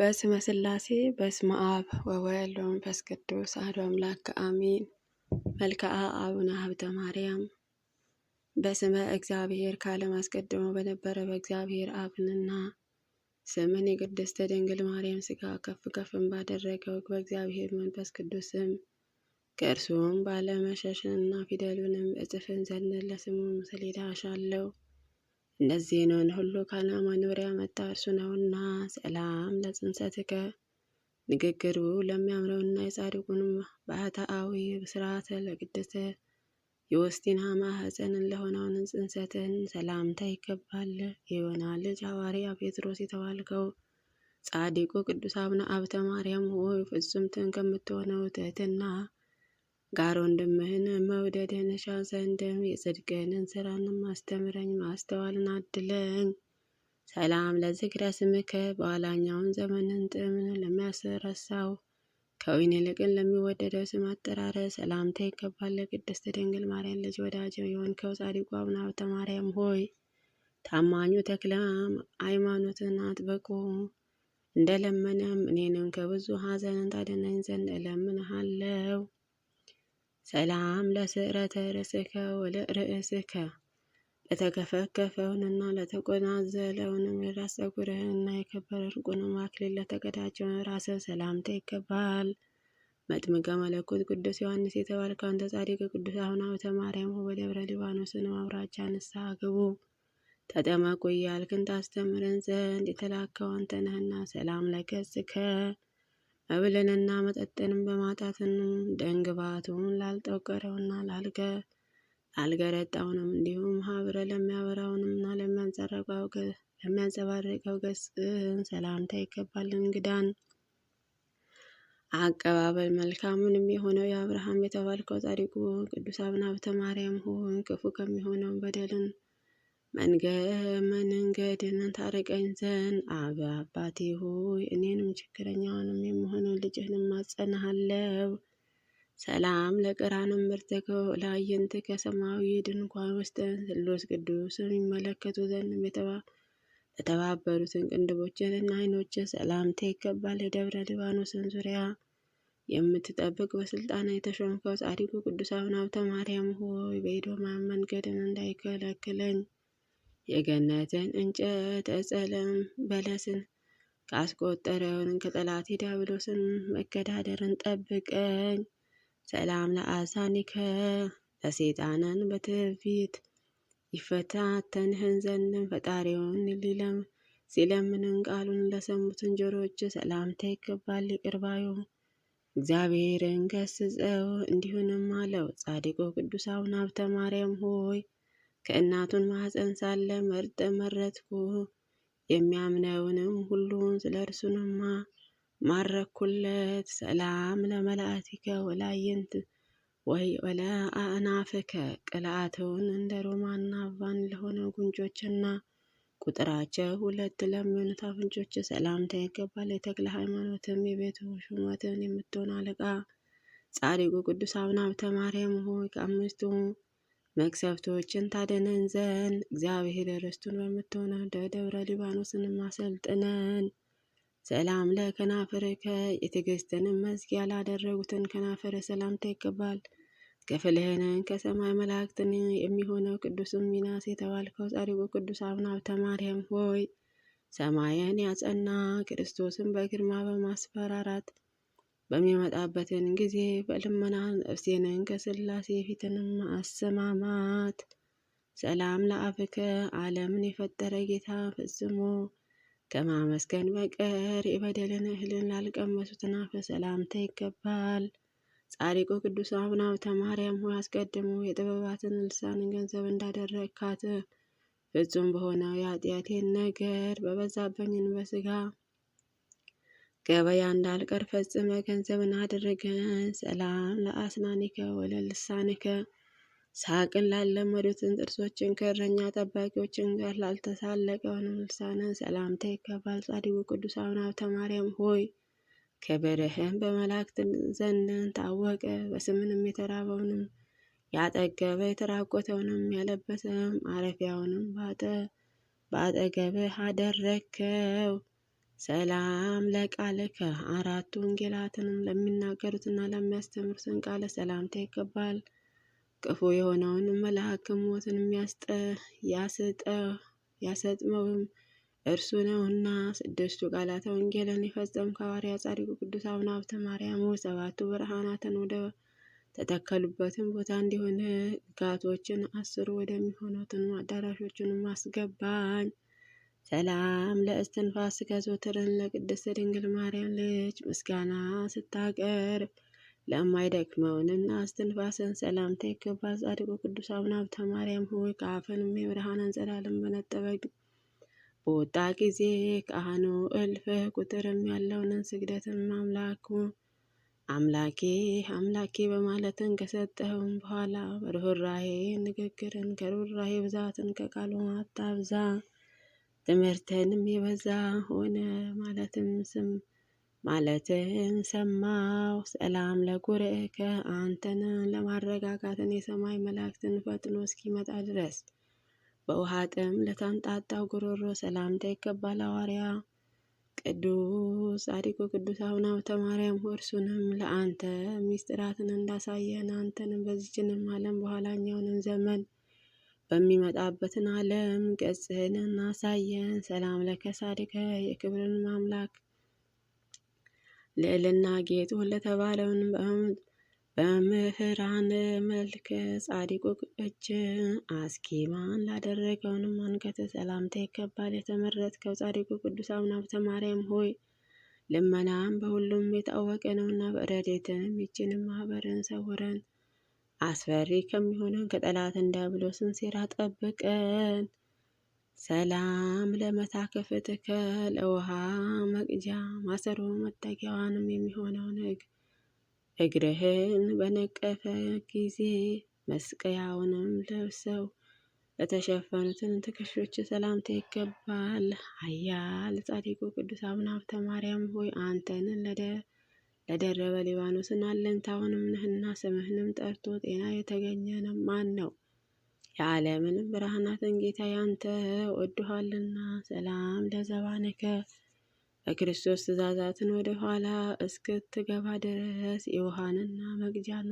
በስመ ስላሴ በስመ አብ ወወልድ ወመንፈስ ቅዱስ አሐዱ አምላክ አሜን። መልክዓ አቡነ ሀብተ ማርያም በስመ እግዚአብሔር ከዓለም አስቀድሞ በነበረ በእግዚአብሔር አብንና ስምን የቅድስተ ድንግል ማርያም ስጋ ከፍ ከፍም ባደረገው በእግዚአብሔር መንፈስ ቅዱስም ከእርሱም ባለመሸሽንና ፊደሉንም እጽፍን ዘንድ ለስሙ ሰሌዳ አሻለው እንደዚህ ነውን ሁሉ ካለ መኖሪያ መጣ እርሱ ነውና። ሰላም ለጽንሰትከ ንግግሩ ለሚያምረውና የጻድቁንም ባህታዊ ስርዓተ ለቅድስተ የወስቲና ማህፀንን ለሆነውን ጽንሰትን ሰላምታ ይገባል። የዮና ልጅ ሐዋርያ ጴጥሮስ የተባልከው ጻድቁ ቅዱስ አቡነ አብተ ማርያም ሆይ ፍጹምትን ከምትሆነው ትህትና ጋር ወንድምህን መውደድህን እሻ ዘንድም የጽድቅህንን ስራን አስተምረኝ ማስተዋልን አድለኝ። ሰላም ለዝክረ ስምከ በኋላኛውን ዘመንን ጥምን ለሚያስረሳው ከወይን ይልቅን ለሚወደደው ስም አጠራረ ሰላምታ ይገባል። ለቅድስት ድንግል ማርያም ልጅ ወዳጅ የሆንከው ጻድቋ አቡነ ሀብተ ማርያም ሆይ ታማኙ ተክለ ሃይማኖትን አጥብቆ እንደለመነም እኔንም ከብዙ ሐዘንን ታደነኝ ዘንድ እለምንሃለው። ሰላም ለስዕረተ ርእስከ ወለርእስከ ለተከፈከፈውንና ለተቆናዘለውንም የራስ ፀጉርህንና የከበረ ዕንቁንም አክሊል ለተቀዳጀውን ራሰ ሰላምታ ይገባል። መጥምቀ መለኮት ቅዱስ ዮሐንስ የተባልክ አንተ ጻድቅ ቅዱስ አሁን ሐብተ ማርያም በደብረ ሊባኖስን አውራጃ ንስሐ ግቡ ተጠመቁ እያልክን ታስተምረን ዘንድ የተላከው አንተ ነህና ሰላም ለገጽከ መብልንና መጠጥንም በማጣት ደንግባቱን ላልጠቆረውና ላልገ ላልገረጣውንም እንዲሁም ሀብረ ለሚያበራውንምና ለሚያንጸባርቀው ገጽህን ሰላምታ ይገባል። እንግዳን አቀባበል መልካምንም የሆነው የአብርሃም የተባልከው ጻድቁ ቅዱስ አቡነ ሀብተ ማርያም ሆን ክፉ ከሚሆነው በደልን መንገድን ታርቀኝ ዘንድ አብ አባቴ ሆይ እኔንም ችግረኛውንም የምሆነው ልጅህንም ማጸናሃለው። ሰላም ለቅራንም ምርትከው ለአየንት ከሰማያዊ ድንኳን ውስጥ ስሉስ ቅዱስም ይመለከቱ ዘንድ የተባበሩትን ቅንድቦችንና ዓይኖችን ሰላምታ ይገባል። የደብረ ሊባኖስን ዙሪያ የምትጠብቅ በስልጣን የተሾምከው ጻድቁ ቅዱስ አቡነ ሀብተ ማርያም ሆይ በኤዶማን መንገድን እንዳይከለክለኝ የገነትን እንጨት ዕጸለም በለስን ካስቆጠረውን ከጠላት ዲያብሎስን መገዳደርን ጠብቀኝ። ሰላም ለአሳኒከ ለሴጣንን በትዕቢት ይፈታተንህን ዘንድን ፈጣሪውን ሊለም ሲለምንን ቃሉን ለሰሙትን ጆሮች ሰላምታ ይገባል። ይቅርባዩ እግዚአብሔርን ገስጸው እንዲሁንም አለው ጻድቁ ቅዱስ አቡነ ሀብተ ማርያም ሆይ ከእናቱን ማኅፀን ሳለ መርጠ መረትኩ የሚያምነውንም ሁሉን ስለ እርሱንማ ማረኩለት። ሰላም ለመላእቲከ ወላይንት ወይ ወለ አእናፍከ ቅልአተውን እንደ ሮማና አባን ለሆነ ጉንጮችና ቁጥራቸው ሁለት ለሚሆኑት አፍንጮች ሰላምታ ይገባል። የተክለ ሃይማኖትም የቤቱ ሹመትን የምትሆን አለቃ ጻድቁ ቅዱስ አቡነ ሀብተ ማርያም ሆይ ከአምስቱ መቅሰፍቶችን ታደነን ዘንድ እግዚአብሔር ርስቱን በምትሆነው ደብረ ሊባኖስን ማሰልጥነን። ሰላም ለከናፍርከ የትዕግስትንም መዝጊያ ላደረጉትን ከናፍር ሰላምታ ይገባል። ክፍልህንን ከሰማይ መላእክትን የሚሆነው ቅዱስም ሚናስ የተባልከው ጻድቁ ቅዱስ አቡነ ሀብተ ማርያም ሆይ ሰማይን ያጸና ክርስቶስን በግርማ በማስፈራራት በሚመጣበትን ጊዜ በልመና ነፍሴንን ከስላሴ ፊትንም አሰማማት። ሰላም ለአፍከ ዓለምን የፈጠረ ጌታ ፈጽሞ ከማመስገን በቀር የበደልን እህልን ላልቀመሱትን አፈ ሰላምታ ይገባል። ጻድቁ ቅዱስ አቡነ ሐብተ ማርያም ሆይ አስቀድሞ የጥበባትን ልሳንን ገንዘብ እንዳደረግካት ፍጹም በሆነው የኃጢአቴን ነገር በበዛበኝን በስጋ ገበያ እንዳልቀር ፈጽመ ገንዘብን አድርገ ሰላም ለአስናኒከ ወለልሳኒከ ሳቅን ላለመዱትን ጥርሶችን ከእረኛ ጠባቂዎችን ጋር ላልተሳለቀውንም ልሳንን ሰላምታ ይገባል። ጻድቁ ቅዱስ አቡነ ሀብተ ማርያም ሆይ ክብርህን በመላእክት ዘንድን ታወቀ። በስምንም የተራበውንም ያጠገበ የተራቆተውንም ያለበሰም ማረፊያውንም ባጠ በአጠገብህ አደረከው። ሰላም ለቃልከ አራቱ ወንጌላትንም ለሚናገሩትና ለሚያስተምሩትን ቃለ ሰላምታ ይገባል። ክፉ የሆነውን መልአክ ሞትን ያሰጥመውም እርሱ ነውና። ስድስቱ ቃላተ ወንጌልን የፈጸመ ሐዋርያ ጻድቁ ቅዱስ አቡነ ሀብተ ማርያም ሰባቱ ብርሃናትን ወደ ተተከሉበትን ቦታ እንዲሆን ጋቶችን አስሩ ወደሚሆኑትን አዳራሾችንም አስገባን። ሰላም ለእስትንፋስ ዘወትርህን ለቅድስት ድንግል ማርያም ልጅ ምስጋና ስታቀርብ ለማይደክመውንና እስትንፋስን ሰላምታ ይገባል። ጻድቁ ቅዱስ አቡነ ሀብተ ማርያም ሆይ ከአፈንም የብርሃን ዘላለም በነጠበ በወጣ ጊዜ ካህኑ እልፍ ቁጥርም ያለውንን ስግደትም አምላኩ አምላኬ አምላኬ በማለትን ከሰጠኸውም በኋላ ርኅራሄ ንግግርን ከርኅራሄ ብዛትን ከቃሉ አታብዛ። ትምህርትን የበዛ ሆነ ማለትም ስም ማለትን ሰማው ሰላም ለጉርዕከ አንተን ለማረጋጋትን የሰማይ መላእክትን ፈጥኖ እስኪመጣ ድረስ በውሃ ጥም ለታንጣጣው ጉሮሮ ሰላምታ ይገባል። ሐዋርያ ቅዱስ ጻድቁ ቅዱስ አቡነ ሐብተ ማርያም እርሱንም ለአንተ ሚስጥራትን እንዳሳየን አንተንም በዚችንም ዓለም በኋላኛውንም ዘመን በሚመጣበትን ዓለም ገጽህን እናሳየን። ሰላም ለከሳድከ የክብርን ማምላክ ልዕልና ጌጡ ለተባለውን በምህራን መልክ ጻድቁ እጅ አስኪማን ላደረገውንም አንገተ ሰላምታ ይከባል የተመረጥከው ጻድቁ ቅዱስ አቡነ ሀብተ ማርያም ሆይ ልመናም በሁሉም የታወቀ ነውና በረድኤትህም ይህችንም ማህበርን ሰውረን አስፈሪ ከሚሆነን ከጠላት እንዳብሎስን ሴራ ጠብቀን። ሰላም ለመታከፍትከ ለውሃ መቅጃ ማሰሮ መጠጊያዋንም የሚሆነውን እግርህን በነቀፈ ጊዜ መስቀያውንም ለብሰው ለተሸፈኑትን ትከሾች ሰላምታ ይገባል። አያል ጻድቁ ቅዱስ አቡነ ሀብተ ማርያም ሆይ አንተን ለደ ለደረበ ሊባኖስን አለኝታውንም ነህና ስምህንም ጠርቶ ጤና የተገኘንም ማን ነው? የዓለምንም ብርሃናትን ጌታ ያንተ ወድኋልና ሰላም ለዘባንከ በክርስቶስ ትእዛዛትን ወደ ኋላ እስክትገባ ድረስ የውሃንና መግጃን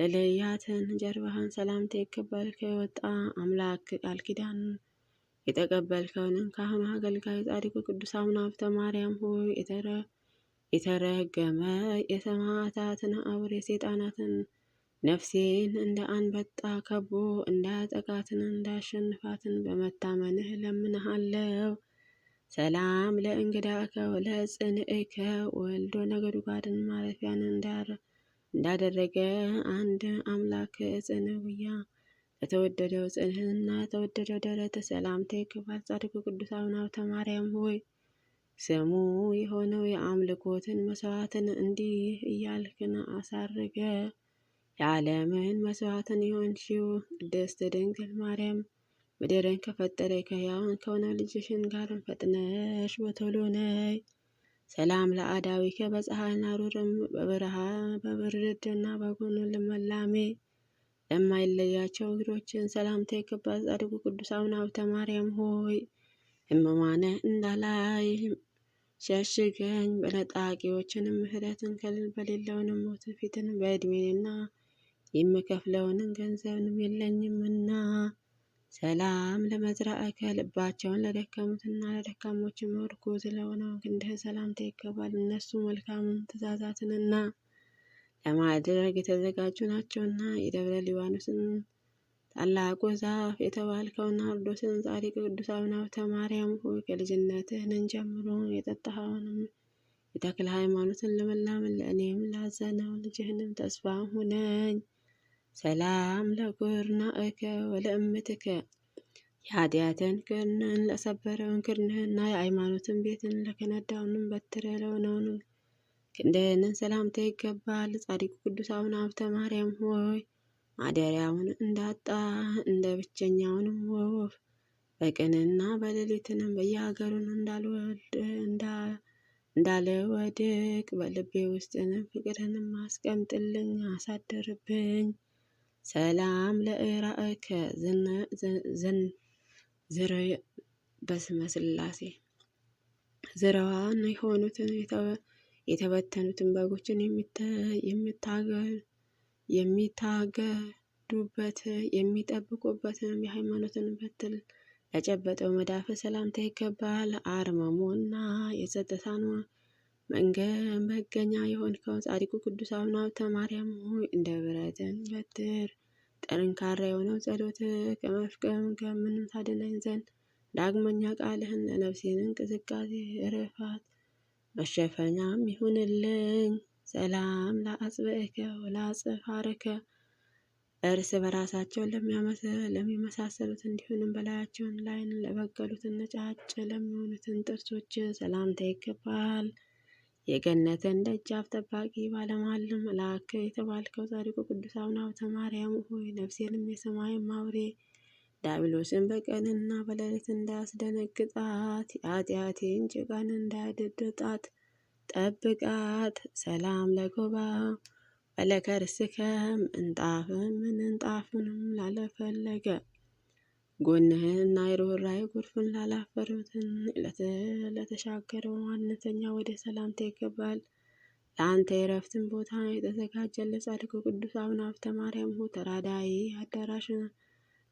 ለለያትን ጀርባህን ሰላምታ የከበልከ የወጣ አምላክ ቃል ኪዳን የተቀበልከውንን ካህኑ አገልጋይ ጻድቁ ቅዱስ አቡነ ሀብተ ማርያም ሆይ የተረገመ የሰማዕታትን አውሬ ሰይጣናትን ነፍሴን እንደ አንበጣ ከቦ እንዳያጠቃትን እንዳሸንፋትን በመታመንህ ለምንሃለው። ሰላም ለእንግዳከ ወለጽንዕከ ወልዶ ነገዱ ጋድን ማረፊያን እንዳደረገ አንድ አምላክ ጽንውያ ለተወደደው ጽንህና ተወደደው ደረተ ሰላምታ ይገባል። ጻድቁ ቅዱስ አቡነ ሀብተ ማርያም ሆይ ስሙ የሆነው የአምልኮትን መስዋዕትን እንዲህ እያልክን አሳረገ። የዓለምን መስዋዕትን የሆንሽው ቅድስት ድንግል ማርያም ምድርን ከፈጠረ ከያን ከሆነ ልጅሽን ጋርን ፈጥነሽ በቶሎ ነይ። ሰላም ለአዳዊከ በፀሐይና ሩርም በብርሃ በብርድና በጎኑ ልመላሜ ለማይለያቸው እግሮችን ሰላምታ ይገባል። ጻድቁ ቅዱስ አቡነ ሀብተ ማርያም ሆይ ህመማነ እንዳላይህም ሸሽገኝ በለጣቂዎችን ምህረትን ከልል በሌለውንም ሞት ፊትን በእድሜና የምከፍለውንም ገንዘብንም የለኝምና ሰላም ለመዝራእከ ልባቸውን ለደከሙትና ለደካሞች እርጉዝ ለሆነው ክንድህ ሰላምታ ይገባል። እነሱ መልካሙም ትእዛዛትንና ለማድረግ የተዘጋጁ ናቸውና የደብረ ሊባኖስን ታላቁ ዛፍ የተባልከው ናርዶስን ጻድቅ ቅዱስ አቡነ ሀብተ ማርያም ሆይ ከልጅነትህን ጀምሮ የጠጣኸውንም የተክለ ሃይማኖትን ልምላምን ለእኔም ላዘነው ልጅህንም ተስፋ ሁነኝ። ሰላም ለኩርናእከ ወለእምትከ የኃጢአትን ክርንን ለሰበረውን ክርንህና የሃይማኖትን ቤትን ለከነዳውንም በትረ ለሆነውን ክንድህንን ሰላምታ ይገባል። ጻድቁ ቅዱስ አቡነ ሀብተ ማርያም ሆይ ማደሪያውን እንዳጣ እንደ ብቸኛውን ወፍ በቀንና በሌሊትንም በየሀገሩን እንዳልወድቅ በልቤ ውስጥንም ፍቅርንም አስቀምጥልኝ አሳደርብኝ ሰላም ለእራእከ ዝረ በስመ ሥላሴ የሆኑትን የተበተኑትን በጎችን የምታገል የሚታገዱበት የሚጠብቁበትንም የሃይማኖትን በትል ለጨበጠው መዳፈ ሰላምታ ይገባል። አርመሞና የጸጥታን መንገድ መገኛ የሆንከው ጻድቁ ቅዱስ አቡነ ሀብተ ማርያም ሆይ እንደ ብረትን በትር ጠንካራ የሆነው ጸሎት ከምንም ታደለኝ ዘንድ ዳግመኛ ቃልህን ለነፍሴን እንቅስቃሴ እረፋት መሸፈኛም ይሁንልኝ። ሰላም ለአጽብእከ ወለአጽፋርከ እርስ በራሳቸውን ለሚመሳሰሉት እንዲሁንም በላያቸውን ላይን ለበቀሉት ነጫጭ ለሚሆኑትን ጥርሶች ሰላምታ ይገባል። የገነትን ደጃፍ ጠባቂ ባለመሃል መልአክ የተባልከው ጻድቁ ቅዱስ አቡነ ሀብተ ማርያም ሆይ ነፍሴንም የሰማይ አውሬ ዲያብሎስን በቀንና በሌሊት እንዳያስደነግጣት የኃጢአቴን ጭቃን እንዳያደደጣት ጠብቃት ሰላም ለጎባ ፈለከ ርዕስከም እንጣፍን ምን እንጣፍንም ላለፈለገ ጎንህና የርኅራኄ ጎርፍን ላላፈሩትን ለተሻገረው ዋነተኛ ወደ ሰላምታ ይገባል። ለአንተ የረፍትን ቦታ የተዘጋጀለ ጻድቁ ቅዱስ አቡነ ሀብተ ማርያም ሆ ተራዳይ አዳራሽን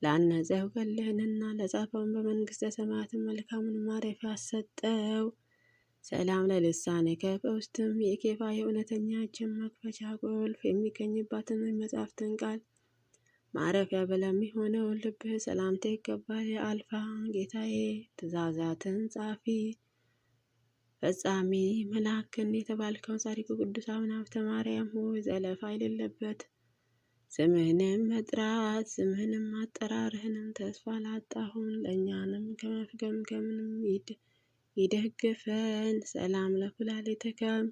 ለአነጸው ገድልህንና ለጻፈውን በመንግሥተ ሰማያትን መልካሙን ማረፊያ ሰጠው። ሰላም ለልሳንከ በውስጥም የኬፋ የእውነተኛ እጅን መክፈቻ ቁልፍ የሚገኝባትን መጻሕፍትን ቃል ማረፊያ በለሚሆነው ልብህ ሰላምታ ይገባል። የአልፋ ጌታዬ ትእዛዛትን ጻፊ ፈጻሚ መልአክን የተባልከው ጻድቁ ቅዱስ አቡነ ሀብተ ማርያም ሆይ ዘለፋ የሌለበት ስምህንም መጥራት ስምህንም አጠራርህንም ተስፋ ላጣሁን ለእኛንም ከመፍገምገምንም ይድ የደገፈን ሰላም ለኩላሊትከም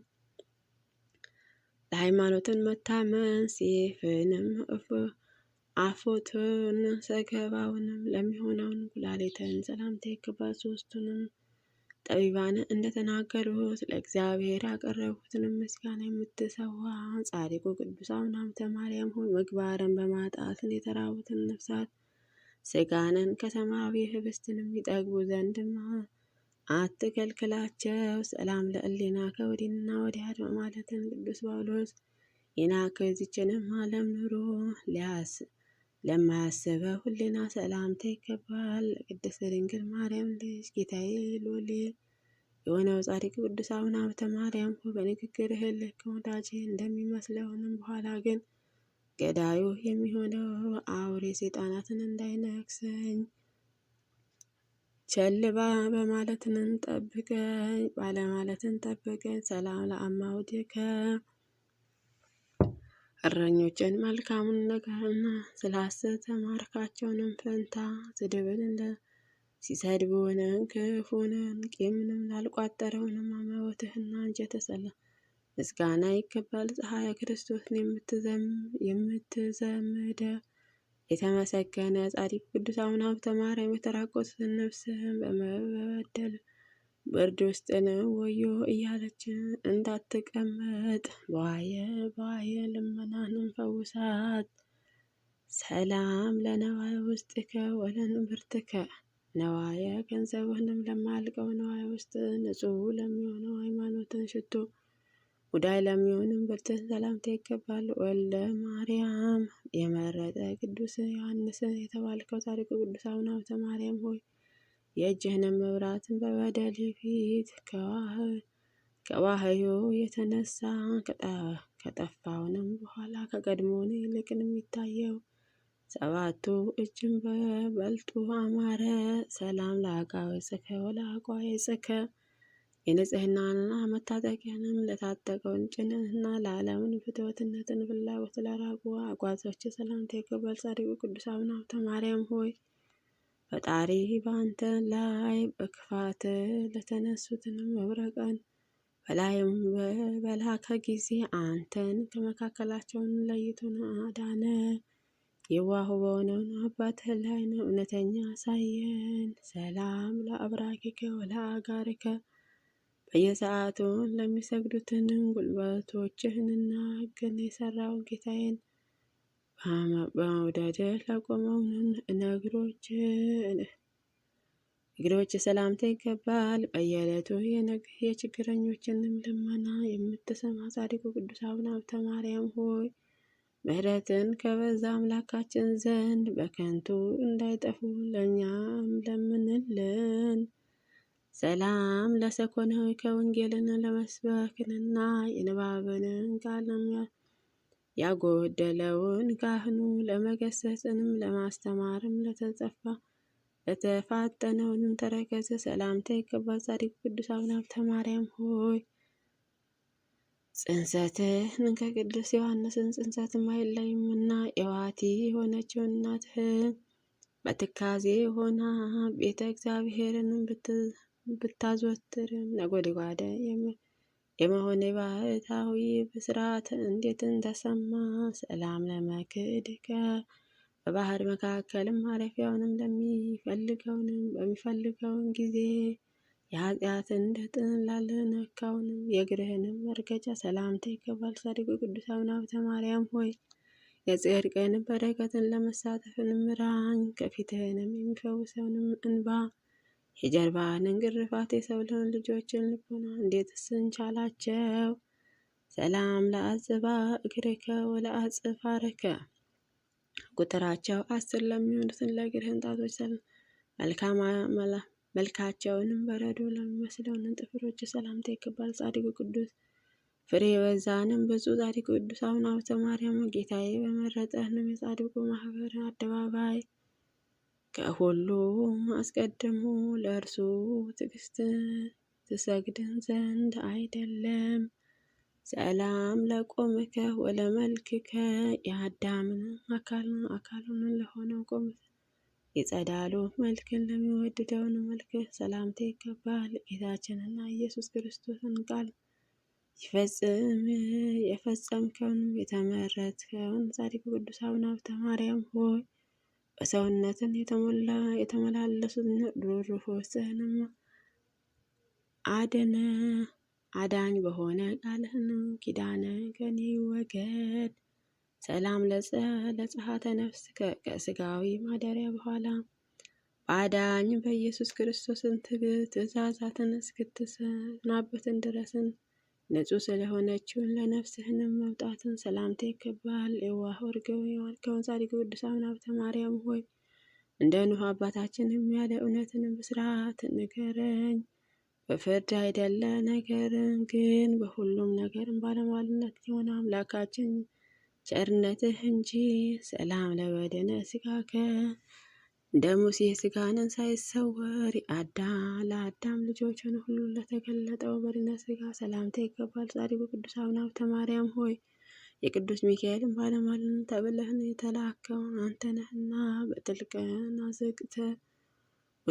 ለሃይማኖትን መታመን ሴፍንም አፎትን ሰገባውንም ለሚሆነውን ኩላሊትን ሰላምታ ይክበር። ሶስቱንም ጠቢባን እንደተናገሩት ለእግዚአብሔር ያቀረቡትንም ምስጋና የምትሰዋ ጻድቁ ቅዱስ አቡነ ሐብተ ማርያም ሆይ ምግባርን በማጣትን የተራቡትን ነፍሳት ስጋንን ከሰማያዊ ህብስትንም ይጠግቡ ዘንድማ አትከልክላቸው። ሰላም ለእሌና ከወዲና ወዲያ ማለትን ቅዱስ ጳውሎስ ኢና ከዚችንም ዓለም ኑሮ ሊያስ ሁሌና ሰላምታ ይገባል። ቅድስት ድንግል ማርያም ልጅ ጌታዬ ሎሌ የሆነው ጻድቅ ቅዱስ አቡነ ሀብተ ማርያም ሆይ በንግግርህ ልክ ወዳጅ እንደሚመስለውንም በኋላ ግን ገዳዩ የሚሆነው አውሬ ሰይጣናትን እንዳይነክሰኝ ቸል በማለትን እንጠብቀኝ ባለማለትን ጠብቀኝ። ሰላም ለአማውዴከ እረኞችን መልካሙን ነገርና ስላሰተ ማርካቸውንም ፈንታ ስድብን እንደ ሲሰድቡንን ክፉንን ቂምንም ላልቋጠረውንም አማወትህና አንጀ ተሰላ ምስጋና ይገባል። ፀሐይ ክርስቶስን የምትዘምደ የተመሰገነ ጻድቅ ቅዱስ አቡነ ሀብተ ማርያም የተራቆትን ነፍስህን በመበደል ብርድ ውስጥ ነው ወዮ እያለች እንዳትቀመጥ በዋየ በዋየ ልመናህን ፈውሳት። ሰላም ለነዋይ ውስጥከ ወለንብርትከ ነዋየ ገንዘብህንም ለማልቀው ነዋይ ውስጥ ንጹሕ ለሚሆነው ሃይማኖትን ሽቶ ወደ ዓለምየውንም ብርትህ ሰላምታ ይገባል። ወልደ ማርያም የመረጠ ቅዱስ ዮሐንስ የተባልከው ጻድቁ ቅዱስ አቡነ ሀብተ ማርያም ሆይ የእጅህንም መብራትን በበደል ፊት ከባህዮ የተነሳ ከጠፋውንም በኋላ ከቀድሞውን ይልቅን የሚታየው ሰባቱ እጅን በበልጡ አማረ። ሰላም ለአቃዊ ጽከ ወለአቋዊ ጽከ የንጽህናንና መታጠቂያንም ለታጠቀው ጭንና ለዓለምን ፍትወትነትን ፍላጎት ለራቁ አጓዞች ሰላምታ ይገባል። ጻድቁ ቅዱስ አቡነ ሀብተ ማርያም ሆይ ፈጣሪ በአንተ ላይ በክፋት ለተነሱትንም መብረቀን በላይም በላከ ጊዜ አንተን ከመካከላቸውን ለይቱን አዳነ። የዋሁ በሆነውን አባትህ ላይ እውነተኛ አሳየን። ሰላም ለአብራኪከ ወለአጋርከ በየሰዓቱ ለሚሰግዱትንም ጉልበቶችህንና ሕግን የሰራውን ጌታዬን በመውደድህ ለቆመው እግሮች እግሮች ሰላምታ ይገባል። በየዕለቱ የችግረኞችንም ልመና የምትሰማ ጻድቁ ቅዱስ አቡነ ሀብተ ማርያም ሆይ ምሕረትን ከበዛ አምላካችን ዘንድ በከንቱ እንዳይጠፉ ለእኛም ለምንልን። ሰላም ለሰኮናዊ ከወንጌልን ለመስበክንና የንባብንን ቃል ያጎደለውን ካህኑ ለመገሰጽንም ለማስተማርም ለተጸፋ ለተፋጠነውንም ተረከዘ ሰላምታ ይገባል። ጻድቁ ቅዱስ አቡነ ሀብተ ማርያም ሆይ ጽንሰትህን ከቅዱስ ዮሐንስን ጽንሰትም አይለይምና የዋቲ የሆነችው እናትህን በትካዜ ሆና ቤተ እግዚአብሔርን ብት ብታዘወትርም ነጎድጓደ የመሆነ ባህታዊ ብስራት እንዴትን ተሰማ ሰላም ለመክድከ በባህር መካከልም ማረፊያውንም ለሚፈልገውንም በሚፈልገውን ጊዜ የኃጢአትን ድጥን ላለነካውንም የእግርህንም መርገጫ ሰላምታ ይገባል። ጻድቁ ቅዱስ አቡነ ሀብተ ማርያም ሆይ የጽድቅን በረከትን ለመሳተፍን ምራኝ፣ ከፊትህንም የሚፈውሰውንም እንባ የጀርባን እንግርፋት የሰው ለሆን ልጆችን ልቦና እንዴት ስንቻላቸው ሰላም ለአጽባ እግርከ ረከ ቁጥራቸው አስር ለሚሆኑትን ለእግርህን ጣቶች መልካም መልካቸውንም በረዶ ለሚመስለውን ጥፍሮች ሰላምታ ይገባል። ጻድቁ ቅዱስ ፍሬ የበዛንም ብዙ ጻድቁ ቅዱስ አቡነ ሀብተ ማርያም ጌታዬ በመረጠህንም የጻድቁ ማህበር አደባባይ ከሁሉም አስቀድሞ ለእርሱ ትዕግስት ትሰግድን ዘንድ አይደለም። ሰላም ለቆምከ ወለመልክከ የአዳምን አካልን አካሉን ለሆነው ቆምከ የጸዳሉ መልክን ለሚወድደውን መልክ ሰላምታ ይገባል። ጌታችንና ኢየሱስ ክርስቶስን ቃል ይፈጽም የፈጸምከውን የተመረትከውን ጻድቁ ቅዱስ አቡነ ሀብተ ማርያም ሆይ ሰውነትን የተሞላ የተመላለሱና ሩህሩህ ወሰንማ አደነ አዳኝ በሆነ ቃልህን ኪዳነ ከኔ ይወገድ። ሰላም ለጸሀተ ነፍስ ከስጋዊ ማደሪያ በኋላ በአዳኝ በኢየሱስ ክርስቶስን ትእዛዛትን እስክትሰናበትን ድረስን ንጹህ ስለሆነችውን ለነፍስህንም መውጣትን ሰላምታ ይገባል። የዋህ ወርገው የዋልከውን ጻድቅ ቅዱሳን ሀብተ ማርያም ሆይ እንደ ኑህ አባታችንም ያለ እውነትን ብስራት ንገረኝ። በፍርድ አይደለ ነገርን ግን በሁሉም ነገርን ባለሟልነት የሆነ አምላካችን ቸርነትህ እንጂ ሰላም ለበደነ ስጋከ እንደ ሙሴ ሥጋንን ሳይሰወር አዳም ለአዳም ልጆች ሆነ ሁሉ ለተገለጠው በድነ ስጋ ሰላምታ ይገባል። ጻድቁ ቅዱስ አቡነ ሀብተ ማርያም ሆይ የቅዱስ ሚካኤልን ባለሟልን ተብለህን የተላከውን አንተ ነህና በጥልቅና ዘግተ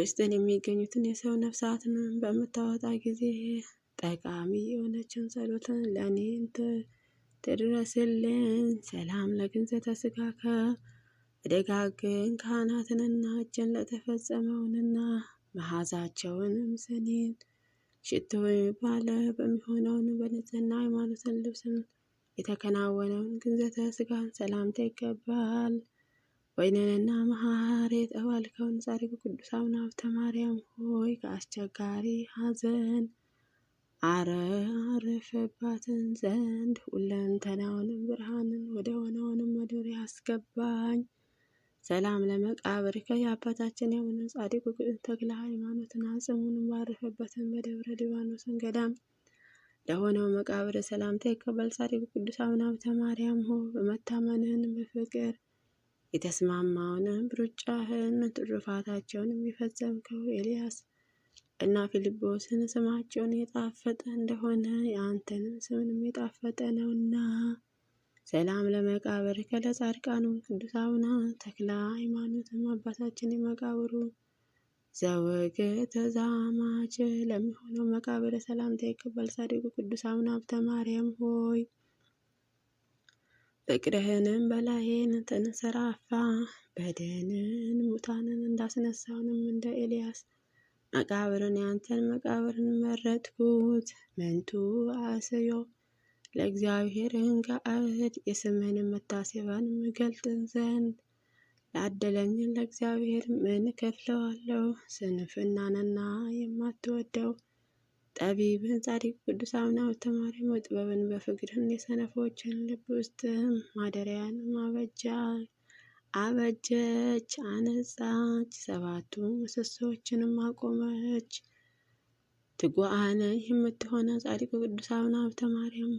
ውስጥን የሚገኙትን የሰው ነፍሳትን በምታወጣ ጊዜ ጠቃሚ የሆነችን ጸሎትን ለእኔ ትድረስልን። ሰላም ለግንዘተ ስጋከ ደጋግን ካህናትንና እጅን ለተፈጸመውንና መዓዛቸውንም ስኒን ሽቶ ባለ በሚሆነውን በንጽህና ሃይማኖትን ልብስን የተከናወነውን ግንዘተ ስጋን ሰላምታ ይገባል። ወይንንና መሐር የተባልከውን ቅዱስ በቅዱሳን ሀብተ ማርያም ሆይ ከአስቸጋሪ ሐዘን አረፈባትን ዘንድ ሁለንተናውንም ብርሃንን ወደ ሆነውንም መደር ያስገባኝ። ሰላም ለመቃብር ከየአባታችን የሆነ ጻድቁ ተክለ ሃይማኖትን አጽሙንም ባረፈበትን በደብረ ሊባኖስን ገዳም ለሆነው መቃብር ሰላምታ ይቀበል። ጻድቁ ቅዱስ አቡነ ሀብተ ማርያም ሆ በመታመንህን በፍቅር የተስማማውን ሩጫህን ትሩፋታቸውን የሚፈጸምከው ኤልያስ እና ፊልጶስን ስማቸውን የጣፈጠ እንደሆነ የአንተንም ስምንም የጣፈጠ ነውና ሰላም ለመቃብር ከለጻድቃኑ ቅዱስ አቡነ ተክለ ሃይማኖትም አባታችን የመቃብሩ ዘወግ ተዛማች ለሚሆነው መቃብር ሰላምታ ይገባል። ጻድቁ ቅዱስ አቡነ ሀብተ ማርያም ሆይ ፍቅርህንም በላይን ተንሰራፋ በደንን ሙታንን እንዳስነሳውንም እንደ ኤልያስ መቃብርን ያንተን መቃብርን መረጥኩት። መንቱ አስዮ ለእግዚአብሔር እንከአህድ የስምህን መታሰቢያን ምገልጥን ዘንድ ላደለኝን ለእግዚአብሔር ምን እከፍለዋለሁ? ስንፍናንና የማትወደው ጠቢብን ጻድቅ ቅዱስ አምናው ጥበብን በፍቅርህን የሰነፎችን ልብ ውስጥም ማደሪያን አበጃ አበጀች አነጻች ሰባቱ ምሰሶችንም አቆመች። ትጉሃነ የምትሆነ ጻድቅ ቅዱስ አቡነ ሀብተ ማርያም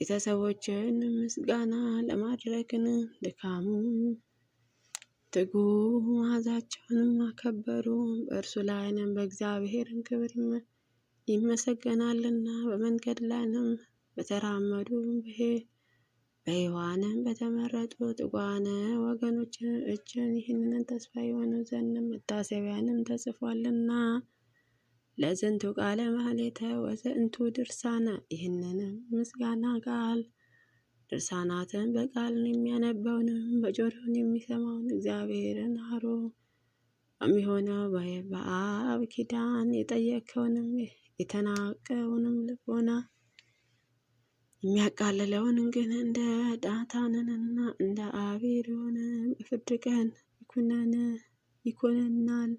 ቤተሰቦችን ምስጋና ለማድረግን ድካሙ ትጉ መዓዛቸውንም አከበሩ። በእርሱ ላይንም በእግዚአብሔርን ክብር ይመሰገናልና። በመንገድ ላይንም በተራመዱ በሕያዋንም በተመረጡ ትጓነ ወገኖች እጅን ይህንን ተስፋ የሆኑ ዘንድ መታሰቢያንም ተጽፏልና ለዝንቱ ቃለ ማህሌተ ወዘንቱ ድርሳነ ይህንንም ምስጋና ቃል ድርሳናትን በቃልን የሚያነበውንም በጆሮን የሚሰማውን እግዚአብሔርን አሮ የሚሆነው በአብ ኪዳን የጠየከውንም የተናቀውንም ልቦና የሚያቃልለውን ግን እንደ ዳታንንና እንደ አቤሮንም በፍርድ ቀን ይኮነናል።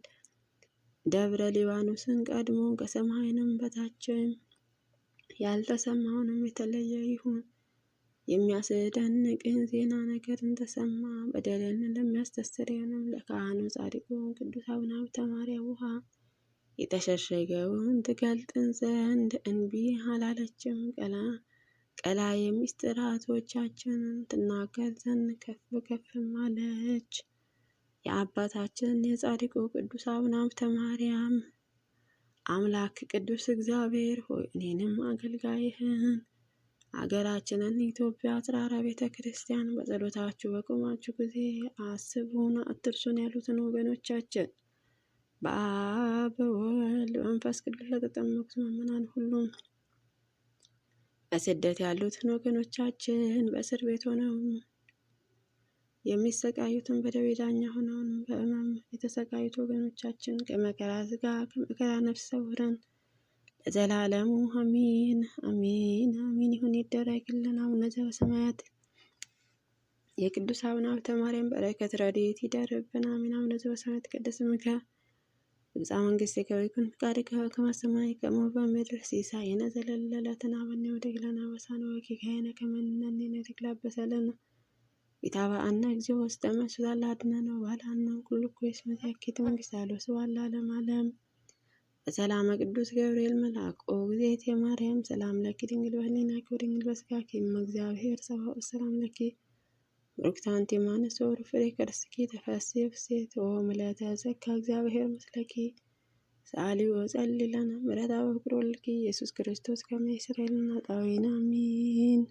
ደብረ ሊባኖስን ቀድሞ ከሰማይንም በታችም ያልተሰማውንም የተለየ ይሁን። የሚያስደንቅን ዜና ነገርን ተሰማ። በደልን ለሚያስተሰርየንም ለካህኑ ጻድቁ ቅዱስ አቡነ ሀብተ ማርያም ውሃ የተሸሸገውን ትገልጥን ዘንድ እንቢ አላለችም። ቀላ ቀላ የሚስጥራቶቻችንን ትናገር ዘንድ ከፍ ከፍም አለች። የአባታችን የጻድቁ ቅዱስ አቡነ ሐብተ ማርያም አምላክ ቅዱስ እግዚአብሔር ሆይ እኔንም አገልጋይህን አገራችንን ኢትዮጵያ አጽራራ ቤተ ክርስቲያን በጸሎታችሁ በቆማችሁ ጊዜ አስቡን አትርሱን ያሉትን ወገኖቻችን በአብ በወልድ በመንፈስ ቅዱስ ለተጠመቁት ምእመናን ሁሉም በስደት ያሉትን ወገኖቻችን በእስር ቤት ሆነው የሚሰቃዩትን በደዌ ዳኛ ሆነውን በሕማም የተሰቃዩት ወገኖቻችን ከመከራ ሥጋ ከመከራ ነፍስ ሰውረን ለዘላለሙ አሜን አሜን አሜን ይሁን ይደረግልን። አቡነ ዘበሰማያት የቅዱስ አቡነ ሀብተ ማርያም በረከት ረድኤት ይደርብን። አሜን። አቡነ ዘበሰማያት ይትቀደስ ስምከ ትምጻእ መንግሥትከ ወይኩን ፈቃድከ በከመ በሰማይ ከማሁ በምድር ሲሳየነ ዘለለዕለትነ ሀበነ ወኅድግ ለነ አበሳነ ወጌጋየነ ከመ ንሕነኒ ንኅድግ ለአበሰ ለነ ኢታብአነ እግዚኦ ውስተ መስቀል አድነነ ባልሃና ኩልኩ እስመ ትያኪት መንግስት አለው ስብሐት ለዓለመ ዓለም በሰላም ቅዱስ ገብርኤል መልአክ ኦ እግዝእት ማርያም ሰላም ለኪ ድንግል በህሊና በህሊናኪ ድንግል በስጋኪ እም እግዚአብሔር ሰብአ ሰላም ለኪ ብሩክት አንቲ እማንስት ፍሬ ከርስኪ ተፈሥሒ ፍሥሕት ኦ ምልዕተ ጸጋ እግዚአብሔር ምስለኪ ሰአሊ ወጸልይ ለነ ምሕረተ ወፍቅር ወልድኪ ኢየሱስ ክርስቶስ ከመ ይስረይ ለነ ኃጣውኢነ አሜን